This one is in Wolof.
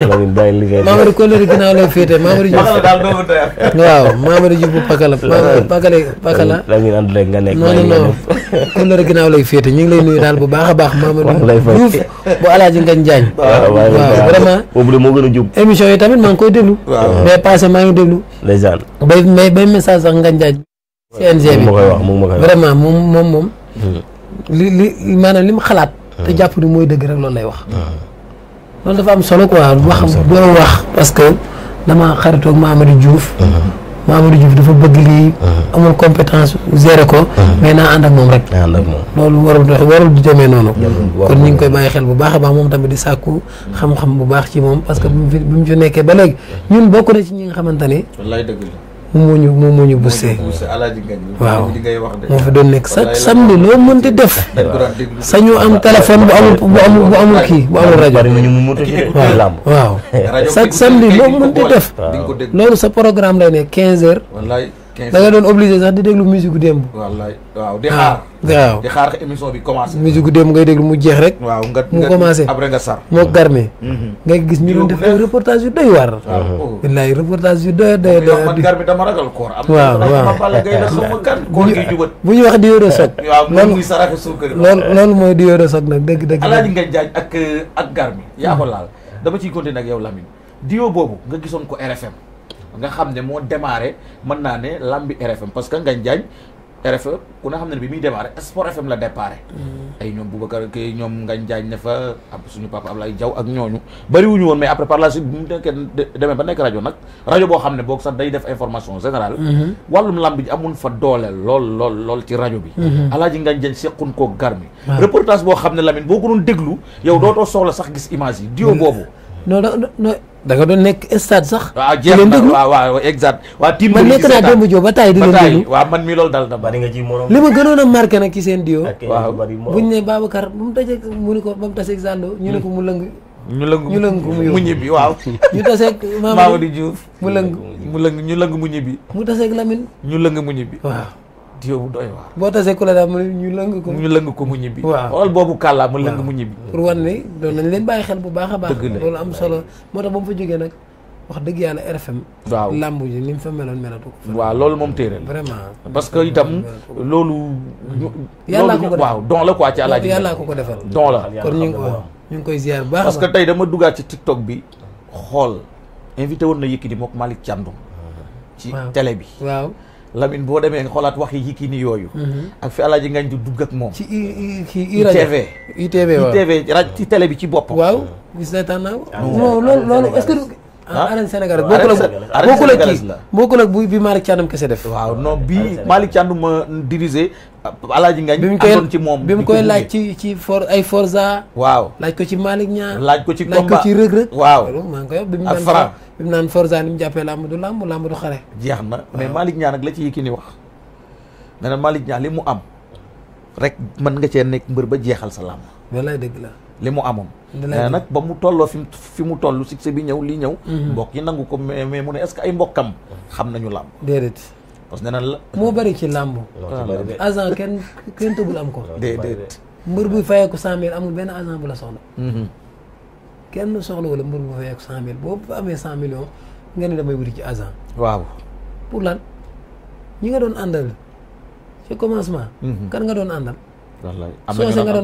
Lamine bàyyi liggéey Mamadou Koulibaly ginnaaw lay féete Mamadou Diouf waaw Mamadou Diouf bu Pakala Pakala Pakala Lamine ànd nga nekk non non non Koulibaly ñu ngi lay nuyu daal bu baax a baax Mamadou Diouf bu Alaaji Ngañ Jaañ waaw boobu de moo gën a jub émission yi tamit maa ngi koy déglu mais passé maa ngi déglu ndeysaan bay message sax Ngañ Jaañ CNG bi ma moom moom moom moom li li maanaam li mu xalaat hmm. te jàpp ni mooy dëgg rek loolu lay wax hmm. loolu dafa am solo quoi lu ma xam boo wax parce que dama xaritoog Mamadou Diouf mm-hmm. Mamadou Diouf dafa bëgg lii mm-hmm. amul compétence gérer ko mm-hmm. mais naa ànd ak moom rek loolu warul warul di demee noonu kon ñu ngi koy bàyyi xel bu baax a baax moom tamit di sàkku xam-xam bu baax ci moom parce que bi mu fi bi mu fi nekkee ba léegi ñun bokk na ci ñi nga xamante ni wallaay dëgg la moom moo ñu moom moo ñu bussee waaw moo fi doon nekk sa samedi loo mënti def sañu am téléphone bu amul bu amul bu amul kii bu amul rajo waaw waaw sa samedi loo mënti def loolu sa programme lay ne quinze heures da nga doon obligé sax di déglu musique gu démb. udah waaw di ah, xaar. waaw di xaar émission bi commencé. musique gu démb ngay déglu mu jeex rek. waaw nga mu commencé après nga sar. moo garmi. Mhm. ngay gis ñu doon def ay reportage yu doy waar. waaw oh. wallaay reportage yu doy doy doy. man garmi dama ragal koor. am na solo ma bala ngay def sama kan. koor gi jubat bu ñuy wax di waaw di alaaji nga jaaj ak ak ko hmm. laal dama continuer ak yow Lamine. nga ko RFM nga xam ne moo démarré mën naa ne lambi RFM parce que Ngagne Diagne RFM ku na xam ne bi muy démarré Sport FM la déparé mm. ay ñoom Boubacar kii ñoom nga Diagne ne fa ab suñu papa Ablaye Diaw ak ñooñu bëri wuñu woon mais après par la suite bu mu nekkee demee ba nekk rajo nag rajo boo xam ne boog sax day def information générale mm-hmm. wàllum lamb ji amun fa doole lool lool lool ci rajo bi mm-hmm. alaaji Ngagne Diagne sequn koo gar mi reportage boo xam ne Lamine boo ko doon déglu yow dootoo soxla sax gis image yi dio mm-hmm. boobu danga nga doon nekk stade sax. waaw ah, jeex na waaw waaw exact. waaw team man nekk naa démb joo ba taay di leen déglu waaw man mi loolu dal na bari nga ci morom. li ma gënoon a marqué nag ci seen dio. waaw buñ ne Babacar bu mu taseeg mu ni ko ñu ne ko mu lëng. ñu lëng ñu lëng mu yóbbu mu ñibbi ñu taseeg Mamadou mu lëng mu lëng ñu lëng mu ñibbi. mu taseeg Lamine. ñu lëng mu ñibbi waaw. diw bu boo tasee ku la daal waaw boobu kàllaa mu lëng mu ñibbi. pour wan doon leen xel bu baax a baax. am solo moo tax ba mu fa jógee nag wax dëgg yàlla RFM. waaw ni mu fa meloon melatu ko. waaw loolu moom téere la vraiment. parce que itam loolu. yàllaa ko ko defal waaw don la quoi ci alaaji. yàllaa ko ko defal don la. koy ziar bu baax parce que tey dama duggaat ci TikTok bi xool invité woon na Yékini mook Malick Thiandoum ci télé bi waaw Lamine boo demee nga xoolaat waxi yi kii ni yooyu. Mm-hmm. ak fi Alaaji nga di dugg ak moom. ci i ci i rajo ITV. ITV waaw ci télé bi ci bopp waaw gis naa tànn non loolu loolu est-ce que. Ah? ah arène Sénégal bokkul ak kii bokkul ak bi Malick Thiandoum kese def. waaw non bii Malick Thiandoum ma euh, dirigé. Euh, Alaaji Ngañ amoon ci moom bi mu koy laaj ci ci for ay Forza. waaw laaj ko ci Malick Niang. laaj ko ci combat laaj ci Reug Reug. waaw loolu maa koy bi mu bi mu naan Forza ni mu jàppee làmb du làmb làmb du xare. jeex na mais Malick Niang nag la ci ni wax nee na Malick li mu am rek mën nga cee nekk mbër ba jeexal sa làmb. walaay dëgg la. li mu amoon. nee nag ba mu tolloo fi mu fi mu toll succès bi ñëw lii ñëw. Mhm. mbokk yi nangu ko mais mu ne est-ce que ay mbokkam xam nañu làmb. déedéet. parce que nee na moo bari ci làmb. agent kenn kenn tëggul am ko. déedéet. mbër buy fayeeku cent mille amul benn agent bu la soxla. Mhm. kenn soxla wala mbër bu fay ak cent mille boo fa amee cent millions nga ne damay wuti ci agent. waaw pour lan ñi nga doon àndal ci commencement. Mhm. kan nga doon àndal. wallaay am na nga doon